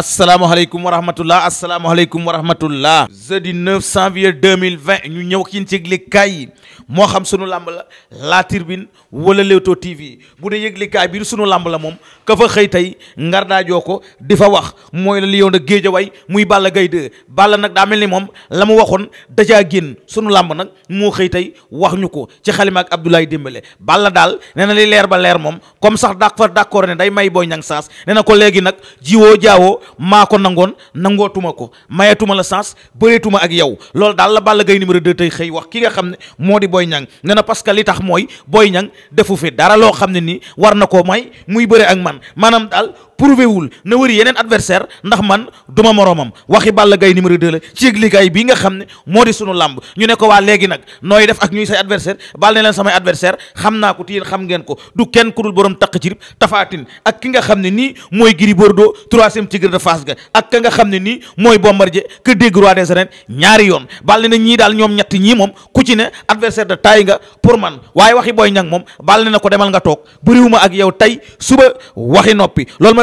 asalaamaaleykum wa rahmatullah asalaamaaleykum wa rahmatullah jeudi mille janvier 2020 ñu ñëw ak yéen ci yëglekaay yi moo xam sunu làmb la La Tribune wala Leewtoo TV bu dee yëglekaay biir sunu làmb la moom ka fa xëy tey ngar daajoo ko di fa wax mooy la Lion de way muy Balla Gaye 2 Balla nag daa mel ni moom la mu waxoon dajaa génn sunu làmb nag moo xëy tey wax ñu ko ci xalima ak Abdoulaye Dembélé Balla daal nee na li leer ba leer moom comme sax d'accord d'accord ne day may Boy Niang saas nee nag jiwoo maa ko nangoon nangootuma ko mayeetuma la sens bëreetuma ak yow loolu daal la Balla gay numéro 2 tey xëy wax ki nga xam ne moo di Boy Niang nee na parce que li tax mooy Boy Niang defu fi dara loo xam ne nii war na koo may muy bëre ak man maanaam daal prouvé wul na wëri yeneen adversaire ndax man duma moroomam waxi Balla Gaye numéro ci yëglikaay bii nga xam ne moo di sunu làmb ñu ne ko waa léegi nag nooy def ak ñuy say adversaire bal ne leen samay adversaire xam naa ko tiyéen xam ngeen ko du kenn ku dul borom taq ci rib tafaatin ak ki nga xam ne nii mooy Gris Bordeaux troisième tigre de Fass ga ak ka nga xam ne nii mooy Bombardier que dégg roi des arènes ñaari yoon bal ne na ñii daal ñoom ñett ñii moom ku ci ne adversaire de taille nga pour man waaye waxi Boy Niang moom bal ne na ko demal nga toog bëriwuma ak yow tey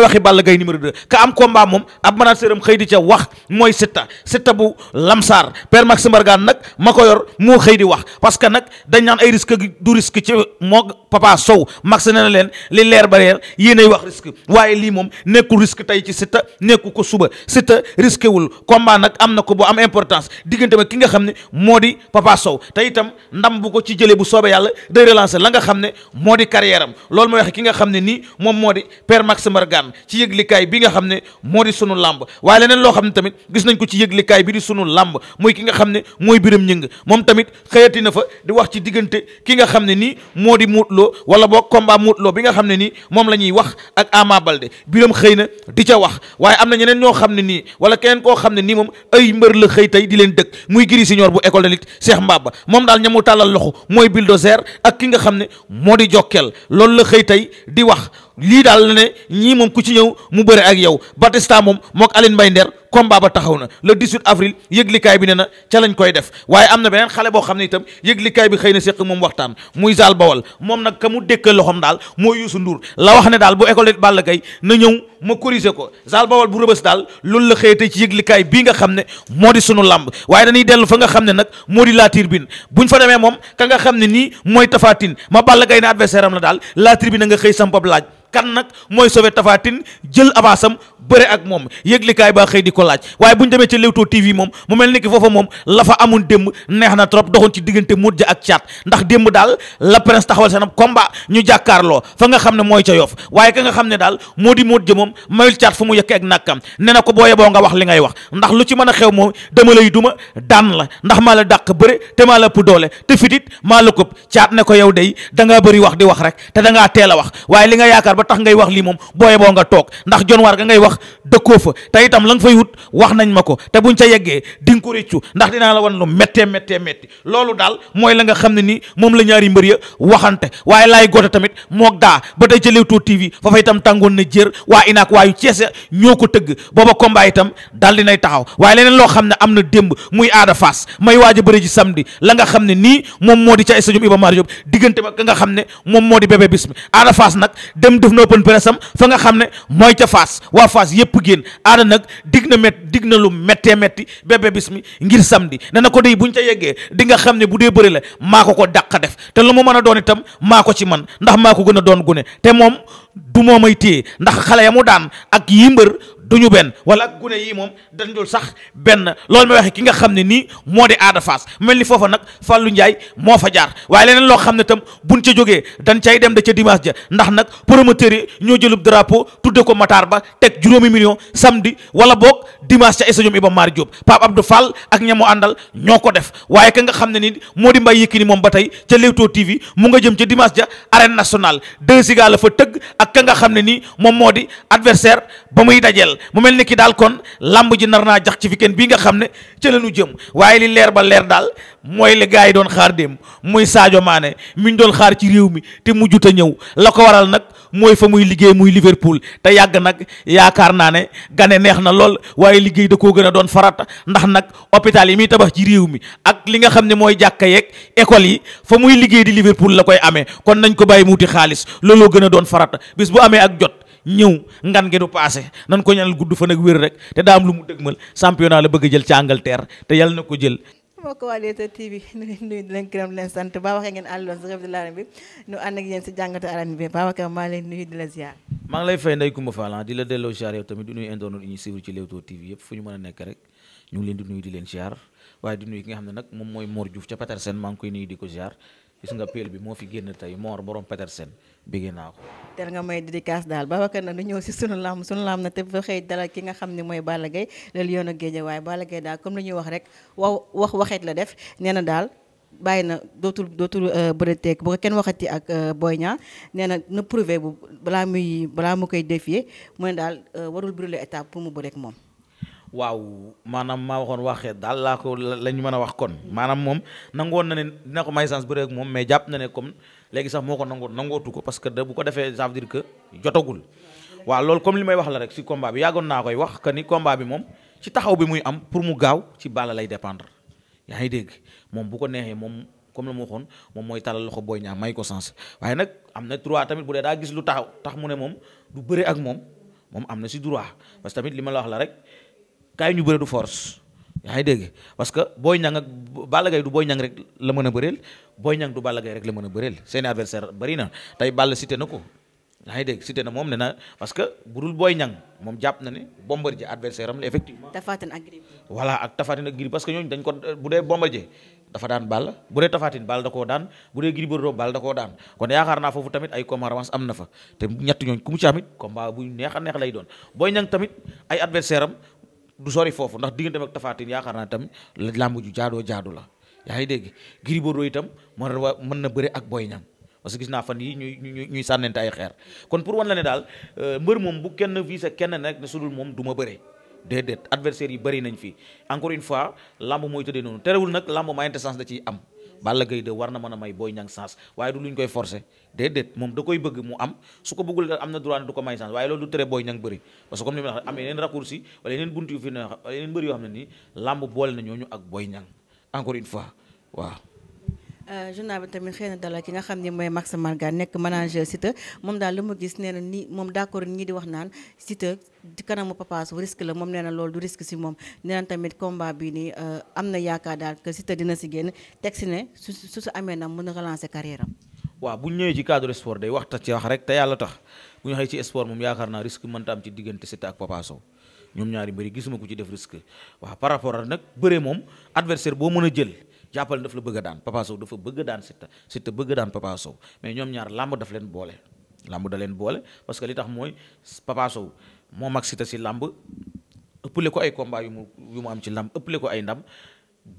waxi Balla Gaye numéro 2 ka am combat moom ab manager am xëy di ca wax mooy Siteu Siteu bu Lamsar père Maxime Bargane nag ma ko yor moo xëy di wax parce que nag dañ naan ay risque du risque ci moo Papa Sow max ne na leen li leer ba leer yéenay wax risque waaye lii moom nekkul risque tey ci Siteu nekku ko suba Siteu risqué wul combat nag am na ko bu am importance diggante ma ki nga xam ne moo di Papa Sow te itam ndam bu ko ci jëlee bu soobee yàlla day relancer la nga xam ne moo di carrière am loolu mooy ki nga xam ne nii moom moo di père Maxime Bargane ci yëglikaay bi nga xam ne moo di sunu làmb waaye leneen loo xam ne tamit gis nañ ko ci yëglikaay bi di sunu làmb muy ki nga xam ne mooy biram njëng moom tamit xëyati na fa di wax ci diggante ki nga xam ne nii moo di Modou wala boog combat Modou bi nga xam ne nii moom la ñuy wax ak Ama Baldé biram xëy na di ca wax waaye am na ñeneen ñoo xam ne nii wala keneen koo xam ne nii moom ay mbër la xëy tey di leen dëkk muy giri siñoor bu école de lutte Cheikh Mbaba moom daal ñamu tàllal loxo mooy bulldozer ak ki nga xam ne moo di jokkeel loolu la xëy tey di wax lii daal la ne ñii moom ku ci ñëw mu bëre ak yow Batista moom mook Aline Mbaye Nder combat ba taxaw na le 18 avril yëglikaay bi ne na ca lañ koy def waaye am na beneen xale boo xam ne itam yëglikaay bi xëy na séq moom waxtaan muy Zal Bawol moom nag ka mu na ñëw ma corriger ko Zal Bawol bu la xëyate ci yëglikaay bii nga xam ne moo di sunu la tribune buñ fa demee xëy di ko laaj waaye bu ñu demee ca Leewtoo TV moom mu mel ni ki foofa moom la fa amoon démb neex na trop doxoon ci diggante Modou Dia ak Thiat ndax démb daal la prince taxawal seen combat ñu jàkkaarloo fa nga xam ne mooy ca Yoff waaye ka nga xam ne daal moo di Modou Dia moom mayul Thiat fu mu yëkkee ak nàkkam ne ko boo yeboo nga wax li ngay wax ndax lu ci mën a xew moom dama lay duma daan la ndax maa la dàq bëre te maa la ëpp doole te fitit maa la këpp Thiat ne ko yow da ngaa bëri wax di wax rek da a wax waaye li nga yaakaar ba tax ngay wax lii moom boo yeboo nga toog ndax jonwaar ga ngay wax dëkkoo fa te itam la yëgut wax nañ ma ko te buñ ca yeggee di nga ko réccu ndax dinaa la wan lu méttee méttee métti loolu daal mooy la nga xam ne nii moom la ñaari mbër ya waxante waaye laay goote tamit mook daa ba tey ca Leewtoo TV fa fa itam tàngoon na jër waa inaak waayu Cees ñoo ko tëgg booba combat itam daal dinay taxaw waaye leneen loo xam ne am na démb muy aada faas may waaj a bëri ji samedi la nga xam ne nii moom moo di ca stadium Iba Mar Diop diggante ba ka nga xam ne moom moo di bébé bis mi aada faas nag dem def na open press fa nga xam ne mooy ca faas waa faas yépp na mét dig na lu méttee métti bébé bis mi ngir samedi ne na ko bu ñu ca yeggee dinga xam ne bu dee bëri la maa ko ko dàq def te lu mu mën a doon itam maa ko ci man ndax maa ko gën a doon gune te moom du moomay téye ndax xale ya mu daan ak yi du ñu benn wala ak gune yi moom dañ dul sax benn loolu may waxe ki nga xam ne nii moo di Ada Fass mel ni foofa nag Fallou Ndiaye moo fa jaar waaye leneen loo xam ne tam buñ ca jógee dañ cay dem da ca dimanche ja ndax nag promoteur yi ñoo jëlub drapeau tudde ko Matar ba teg juróomi million samedi wala boog dimanche ca stadium Iba Mar Diop Pape Abdou Fall ak ña àndal ñoo ko def waaye ka nga xam ne ni moo di Mbaye moom ba tey ca Leewtoo TV mu nga jëm ca dimanche ja arène nationale deux siga la fa tëgg ak ka nga xam ne nii moom moo di adversaire ba muy dajeel dajeel mu mel ni ki daal kon lamb ji nar naa jax ci weekend bii nga xam ne ca la ñu jëm waaye li leer ba leer daal mooy li gars yi doon xaar démb muy Sadio maane mi ñu doon xaar ci réew mi te mujjut a ñëw la ko waral nag mooy fa muy liggéey muy Liverpool te yàgg nag yaakaar naa ne gane neex na lool waaye liggéey da koo gën a doon farata ndax nag hôpital yi muy tabax ci réew mi ak li nga xam ne mooy jàkka yeeg ecole yi fa muy liggéey di Liverpool la koy amee kon nañ ko bàyyi mu wuti xaalis looloo gën a doon farata bis bu amee ak jot ñëw ngan gi du paase nan ko ñaanal gudd fan ak wér rek te daa am lu mu dëgmal championnat la bëgg jël ci Angleterre te yal na ko jël. mbokk waa Leewtoo TV ñu ngi leen gërëm di leen maa di la ngi ah, la delloo ziar yow tamit di nuyu internet yi ñuy suivre ci Leewtoo TV yëpp fu ñu mën a nekk rek ñu leen di nuyu di leen ziar waaye di nuyu ki nga xam ne nag moom mooy Mor Diouf ca Patersen maa ngi koy nuyu di ko jar gis nga peel bi moo fi génn tey Mor borom Petersen bégee naa ko. teel nga may dédicace daal Babacar na nu ñëw si sunu lamb sunu lamb na te fa xëy dalal ki nga xam ne mooy Balla Gaye loolu yoon a géej waaye Balla Gaye daal comme li wax rek waaw wax waxeet la def nee na daal bàyyi na dootul dootul euh, bëreeteeg bu ko kenn waxati ak euh, Boy Niang nee na na prouvé bu balaa muy balaa mu koy défier mu ne daal euh, warul brûler étape pour mu bëreek moom. waaw maanaam maa waxoon waxee daal laa ko la ñu mën a wax kon maanaam moom nangoon na ne dina ko may chance bëre mais jàpp na ne comme léegi sax moo ko nangoo nangootu ko parce que da bu ko defee ça veut que jotagul waaw loolu comme li may wax la rek si combat bi yàggoon naa koy wax que ni combat bi moom ci taxaw bi muy am pour mu gaaw ci Balla lay dépendre yaa ngi dégg moom bu ko neexee moom comme la ma waxoon moom mooy talal loxo Boy Niang may ko sens waaye nag am na droit tamit bu dee daa gis lu taxaw tax mu ne moom du bëre ak moom moom am na si droit parce que tamit li ma la wax la rek kaay ñu bëre du force yaa dégg parce que booy Niang ak Balla Gaye du Boy Niang rek la mën a bëreel Boy Niang du Balla Gaye rek la mën a bëreel seeni adversaire bari na tey Balla cité na ko yaa ngi na moom ne na parce que bu dul Boy moom jàpp na ne Bombardier adversaire am la effectivement. Tafatine ak Gris. voilà ak Tafatine ak daan Balla bu dee Tafatine Balla da koo daan bu dee naa foofu tamit ay combat revanche am na fa te ñett ñooñu ku mu ci amit bu neex a neex lay doon Boy Niang tamit ay adversaire am du sori foofu ndax digganteem ak Tapha yaakaar naa itam làmb ju jaadoo jaadu la yaa ngi dégg Gris Bordeaux itam mën na mën na bëre ak Boy Niang parce que gis naa fan yi ñuy ñuy ñuy sànnante ay xeer kon pour wan la ne daal euh, mbër moom bu kenn visé kenn rek ne sudul moom duma ma bëre déedéet adversaire yi bëri nañ fii encore une fois lamb mooy tëddee noonu terewul nag lamb mayante sens la ciy am. Balla Gaye de war na mën a may Boy Niang sens waaye du ñu koy forcer déedéet moom da koy bëgg mu am su ko bëggul am na droit du ko may sens waaye loolu du tere Boy Niang bëri parce que comme ni ma la waxee am na yeneen raccourci wala yeneen bunt yu fi ne wala yeneen mbër yoo xam ne nii làmb boole na ñooñu ak booy Niang encore une fois waaw Euh, journal bi tamit xëy na dalal ki nga xam ne mooy Max Margane nekk manager Siteu moom daal la mu gis nee ni moom d'accord ñi di wax naan Siteu kanamu Papa Sow risque la moom nee na loolu du risque si moom nee na tamit combat bi nii euh, am na yaakaar daal que Siteu dina si génn teg si ne su su amee nag mën a relancer carrière am. waaw bu ñu ñëwee ci cadre sport day wax ta wax rek te yàlla tax bu ñu xëy ci sport moom yaakaar naa risque mënta am ci diggante Siteu ak Papa Sow gisuma ko ci def risque waaw par rapport ak nag bëre moom adversaire boo mën a jël. jàppal daf la bëgg daan Papa dafa bëgg daan Siteu Siteu bëgg daan Papa Sow mais ñoom ñaar làmb daf leen boole làmb da leen boole parce que li tax mooy Papa moo mag Siteu si làmb ëppale ko ay combat yu mu yu mu am ci làmb ëppale ko ay ndam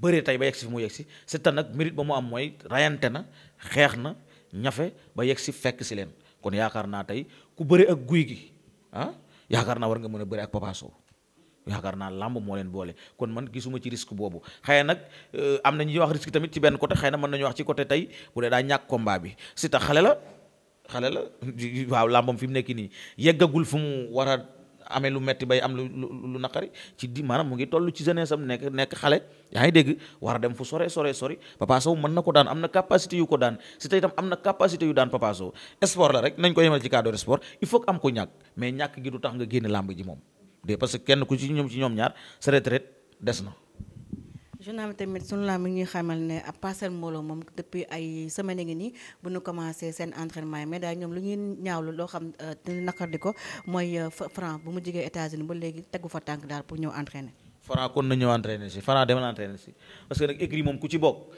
bëree tey ba yegg si fi mu yegg si Siteu nag mérite ba mu am mooy rayante na xeex na ñafe ba yegg si fekk si leen kon yaakaar naa tey ku bëri ak guy gi ah yaakaar naa war nga mën a bëri ak Papa yaakaar naa làmb moo leen boole kon man gisuma ci risque boobu xëy nag euh, am na ñuy wax risque tamit ci benn côté xëy na mën nañu wax ci côté tey bu dee daa ñàkk combat bi si tax xale la xale la waaw làmbam fi mu nekk nii yeggagul fu mu war a amee lu metti bay am lu lu naqari ci di maanaam mu ngi toll ci jeunesse sam nekk nekk xale yaa ngi dégg war a dem fu sore sore sori Papa Sow mën na ko daan am na capacité yu ko daan si tey itam am na capacité yu daan Papa Sow sport la rek nañ ko yemal ci cadre sport il faut que am ko ñàkk mais ñàkk gi du tax nga génn làmb ji moom de parce que kenn ku ci ñoom ci ñoom ñaar sa retraite des na. journal bi tamit sunu laa mi ngi xamal ne ab parcelle mbooloo moom depuis ay semaine ngi nii bu ñu commencé seen entraînement yi mais daal ñoom lu ñuy ñaawlu loo xam euh, te naqar ko mooy euh, Franc bu mu jigee États-Unis ba léegi tegu fa tànk daal pour ñëw entraîner. Franc kon na ñëw entraîner si Franc dem na si parce que nag écrit moom ku ci bokk.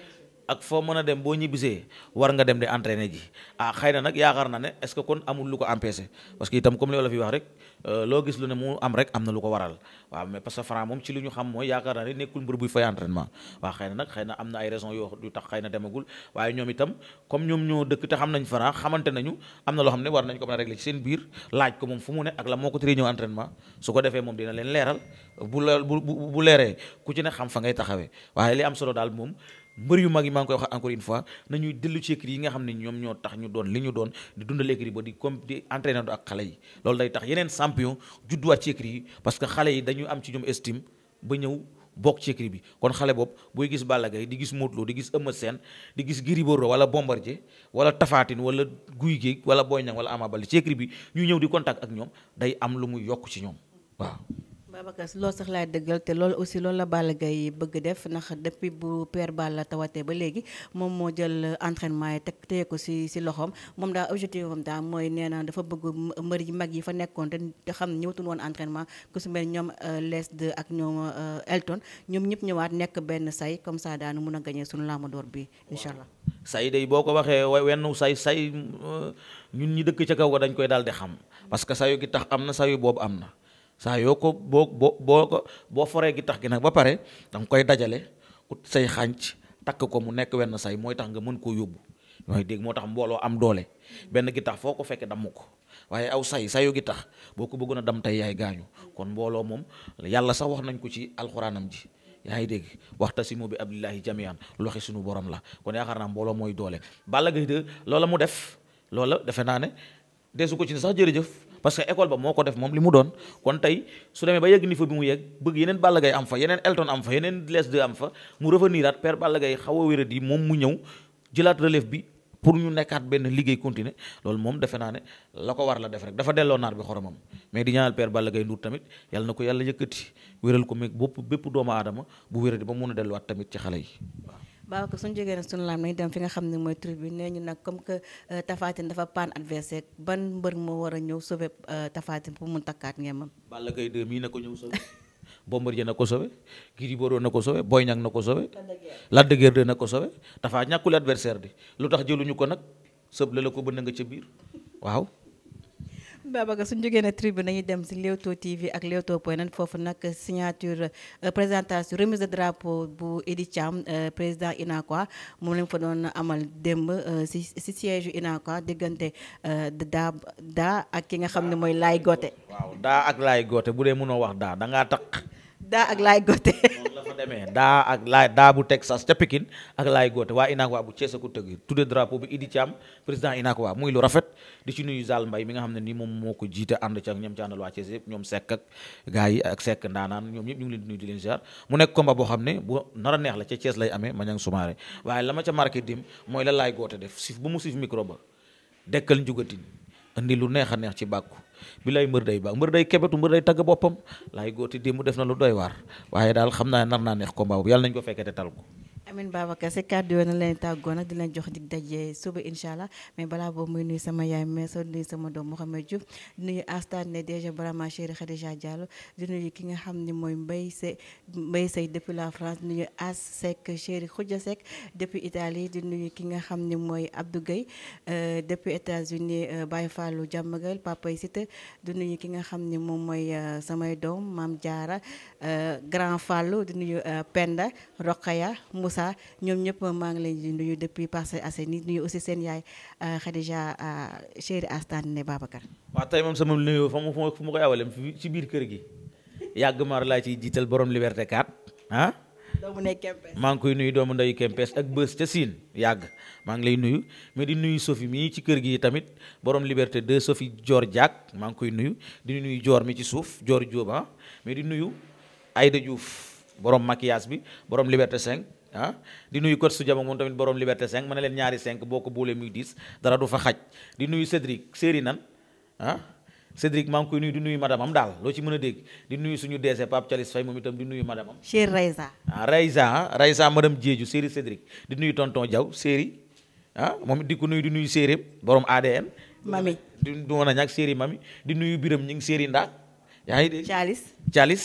ak foo mën a dem boo ñibbisee war nga dem di entraîner ji ah xëy na nag yaakaar na ne est-ce que kon amul lu ko empêché parce que itam comme li wala fi wax rek euh, loo gis lu ne mu am rek am na lu ko waral waaw mais parce que Franc moom ci li ñu xam mooy yaakaar na ne nekkul mbër buy fay entraînement waaw xëy na nag xëy na am na ay raison yoo yu tax xëy na demagul waaye ñoom itam comme ñoom ñoo dëkk te xam nañ Franc xamante nañu am na loo xam ne war a régler seen biir laaj ko moom fu mu ne moom dina leen leeral bu bu bu leeree ku ci xam fa ngay taxawee waaye li am solo daal mbër yu mag yi maa ngi koy wax encore une fois nañuy dellu ci écrit yi nga xam ne ñoom ñoo tax ñu doon li ñu doon di dundal écrit ba di comme di entraîner ak xale yi loolu day tax yeneen sampion judduwaat ci yi parce que xale yi dañu am ci ñoom estim ba ñëw bokk ci bi kon xale boobu booy gis Balla di gis Modou di gis Eumeu Sène di gis Gris Bordeaux wala Bombardier wala Tapha Tine wala Gouye Gui wala Boy Niang wala Ama Baldé bi ñu ñëw di contact ak ñoom day am lu mu yokk ci ñoom waaw loo loolu sax laay dëggal te lool aussi loolu la Balla Gaye bëgg def ndax depuis bu Père Balla tawatee ba léegi moom moo jël entraînement yi teg téye ko si si loxoom moom daal objectif am daal mooy nee na dafa bëgg mbër yi mag yi fa nekkoon te xam ñëwatuñu woon entraînement ku si mel ñoom euh, les de ak ñoom euh, Elton ñoom ñëpp ñëwaat nekk benn say comme ça daanu mun a gañee suñu laamu door bi incha allah. say day boo ko waxee wenn say say euh, ñun ñi dëkk ca kaw ga dañ koy daal di xam parce que tax am na sayu boobu am na. saa yoo ko boo boo boo ko boo foree gi tax gi nag ba pare danga koy dajale ut say xànc takk ko mu nekk wenn say mooy tax nga mën koo yóbbu mooy dégg moo tax mbooloo am doole benn gi tax foo ko fekkee damm ko waaye aw say sayu gi tax boo ko bëggoon a dam tey yaay gaañu kon mbooloo moom yàlla sax wax nañ ko ci alxuraanam ji yaa ngi dégg waxtasimu bi abdillahi jamian loxi suñu borom la kon yaakaar naa mbooloo mooy doole Balla Gaye loola mu def loola defe naa ne desu parce que école ba moo ko def moom li mu doon kon tey su demee ba yegg ni fa bi mu yegg bëgg yeneen Balla Gaye am fa yeneen Elton am fa yeneen Les deux am fa mu revenir at per Balla Gaye xaw a wérat yi moom mu ñëw jëlaat relève bi pour ñu nekkaat benn liggéey continuer loolu moom defe naa ne la ko war la def rek dafa delloo naar bi xoromam mais di ñaanal père Balla Gaye Ndour tamit yàlla na ko yàlla yëkkati wéral ko meeg bopp bépp doomu aadama bu wéradi ba mun a delluwaat tamit ci xale yi waaw baaw ko suñu jógee nag suñu laam nañ dem fi nga xam ne mooy tribune nee ñu nag comme que euh, Tapha dafa paan adversaire ban mbër moo war a ñëw sauver euh, Tapha Tine pour mun takkaat ngeen Balla Gaye 2 mii na ko ñëw sauver Bombardier na ko sauver Gris Bordeaux na ko sauver Boy Niang na ko sauver Lac de Guiers 2 na ko sauver dafa ñàkkul adversaire di lu tax jëluñu ko nag sëb la la ko bënn nga ca biir waaw Babacar suñu jógee na tribune nañu dem si Leewtoo TV ak Leewtoo point net foofu nag signature euh, présentation remise de drapeau bu Idi Thiam euh, président UNACOIS moom lañ fa doon amal démb euh, si si siège yu UNACOIS diggante daa daa ak ki nga xam ne mooy Laay Gote. waaw daa ak Laay Gote bu dee mënoo wax daa da ngaa taq. daa ak laay goote la daa ak laay daa bu Texas ca Pikine ak laay goote waa Inakwa bu Thiès a ko tëgg tudde drapeau bi Idi Thiam président Inakwa muy lu rafet di ci nuyu Zal mbay mi nga xam ne ni moom moo ko jiite ànd ci ak ñoom ci waa Thiès yëpp ñoom sekk ak gars yi ak sekk ndaanaan ñoom ñëpp ñu leen di nuyu di leen ziar mu nekk combat boo xam ne bu nar a neex la ca Thiès lay amee ma ñang sumaare waaye la ma ca marqué dim mooy la laay goote def sif bu mu sif micro ba dekkal njugatin indi lu neex a neex ci bàkku bi lay mbër day bàkk mbër day kebetu mbër day tagg boppam laay góoti di mu def na lu doy waar waaye daal xam naa nar naa neex combat boobu yàlla nañ ko fekkee te tal ko amin Babacar si kàddu yoon leen tàggoo nag di leen jox dig daje suba incha allah mais balaa boobu muy nuyu sama yaay Meso nuyu sama doom Mouhamed Diouf nuyu Astane déjà Brahma Chéri Khadija di nuyu ki nga xam ne mooy Mbaye Sey Mbaye Sey depuis la France nuyu As Seck Chéri Khoudia Seck depuis Italie di nuyu ki nga xam ne mooy Abdou Gueye euh, depuis États-Unis euh, Baye Fallou Diamagal Papa Site di nuyu ki nga xam ne moom mooy euh, samay doom Mame Diarra Grand Fallou di nuyu Penda Rokhaya Moussa. Moussa ñoom ñëpp maa ngi leen di nuyu depuis Parcelles Assainies nuyu aussi seen yaay euh, Khadija euh, chéri Astane ne Babacar. waaw tey moom sama nuyoo fa mu fu ma koy awalem ci biir kër gi yàgg maar laa ciy jiital borom Liberté 4 ah. doomu maa ngi koy nuyu doomu ndeyu Kempes ak bës ca yàgg maa ngi lay nuyu mais di nuyu Sophie mii ci kër gi tamit borom Liberté 2 Sophie joor Diak maa ngi koy nuyu di nuyu joor mi ci suuf joor Diop ah di nuyu Aïda Diouf borom maquillage bi borom Liberté 5. ah di nuyu kot su jama moom tamit borom liberté 5 ma ne leen ñaari 5 boo ko boolee muy 10 dara du fa xaj di nuyu Cédric séeri nan ah Cédric maa ngi koy nuyu di nuyu madame am daal loo ci mën a dégg di nuyu suñu DG Pape Thialis Faye moom itam di nuyu madame am. Chéri Raysa. ah Raysa ah Raysa madame Diédiou séeri Cédric di nuyu tonton jaw séeri ah moom it di ko nuyu di nuyu séeréem borom ADN. mami du woon a ñàkk séeri mami di nuyu biram ñu ngi séeri ndaa yaa ngi dégg. Thialis Thialis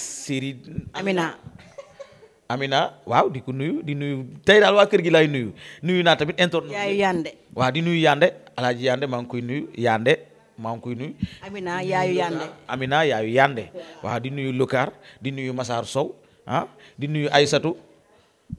Amina waaw di ko nuyu di nuyu tey daal waa kër gi laay nuyu nuyu naa tamit intorno yaayu Yande waaw di nuyu Yande alaaji Yande koy nuyu Yande maa ngi koy nuyu Amina yaayu Yande Amina yaayu Yande waaw di nuyu Lukaar di nuyu Massar Sow ah, di nuyu Aysatu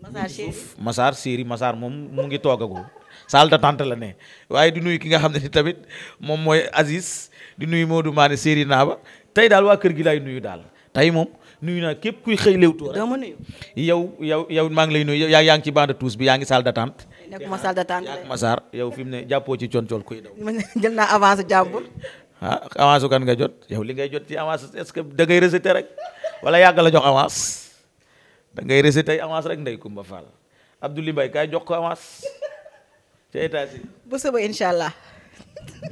Massar Chéri Massar Chéri Massar moom mu ngi toogagul salle d'attente la ne waaye di nuyu ki nga xam ne ni tamit moom mooy Aziz di nuyu Modou Mané Chéri Naba tey daal waa kër gi laay nuyu daal tey moom nuyu naa képp kuy xëy Leewtoo rek. dama nuyu yow yow yow maa ngi lay nuyu yaa yaa ngi ci bande tous bi yaa ngi salle d'attente. nekkuma salle d'attente yaa ngi Massar ne jàppoo ci coon cool kuy daw. jël naa avance jàmbur. ah avance kan nga jot yow li ngay jot ci avance est-ce que da ngay rejeté rek wala yàgg la jox avance da ngay rejeté avance rek ndey Kumba Fall Abdoulaye Mbaye kaay jox ko avance ca état si. bu incha allah.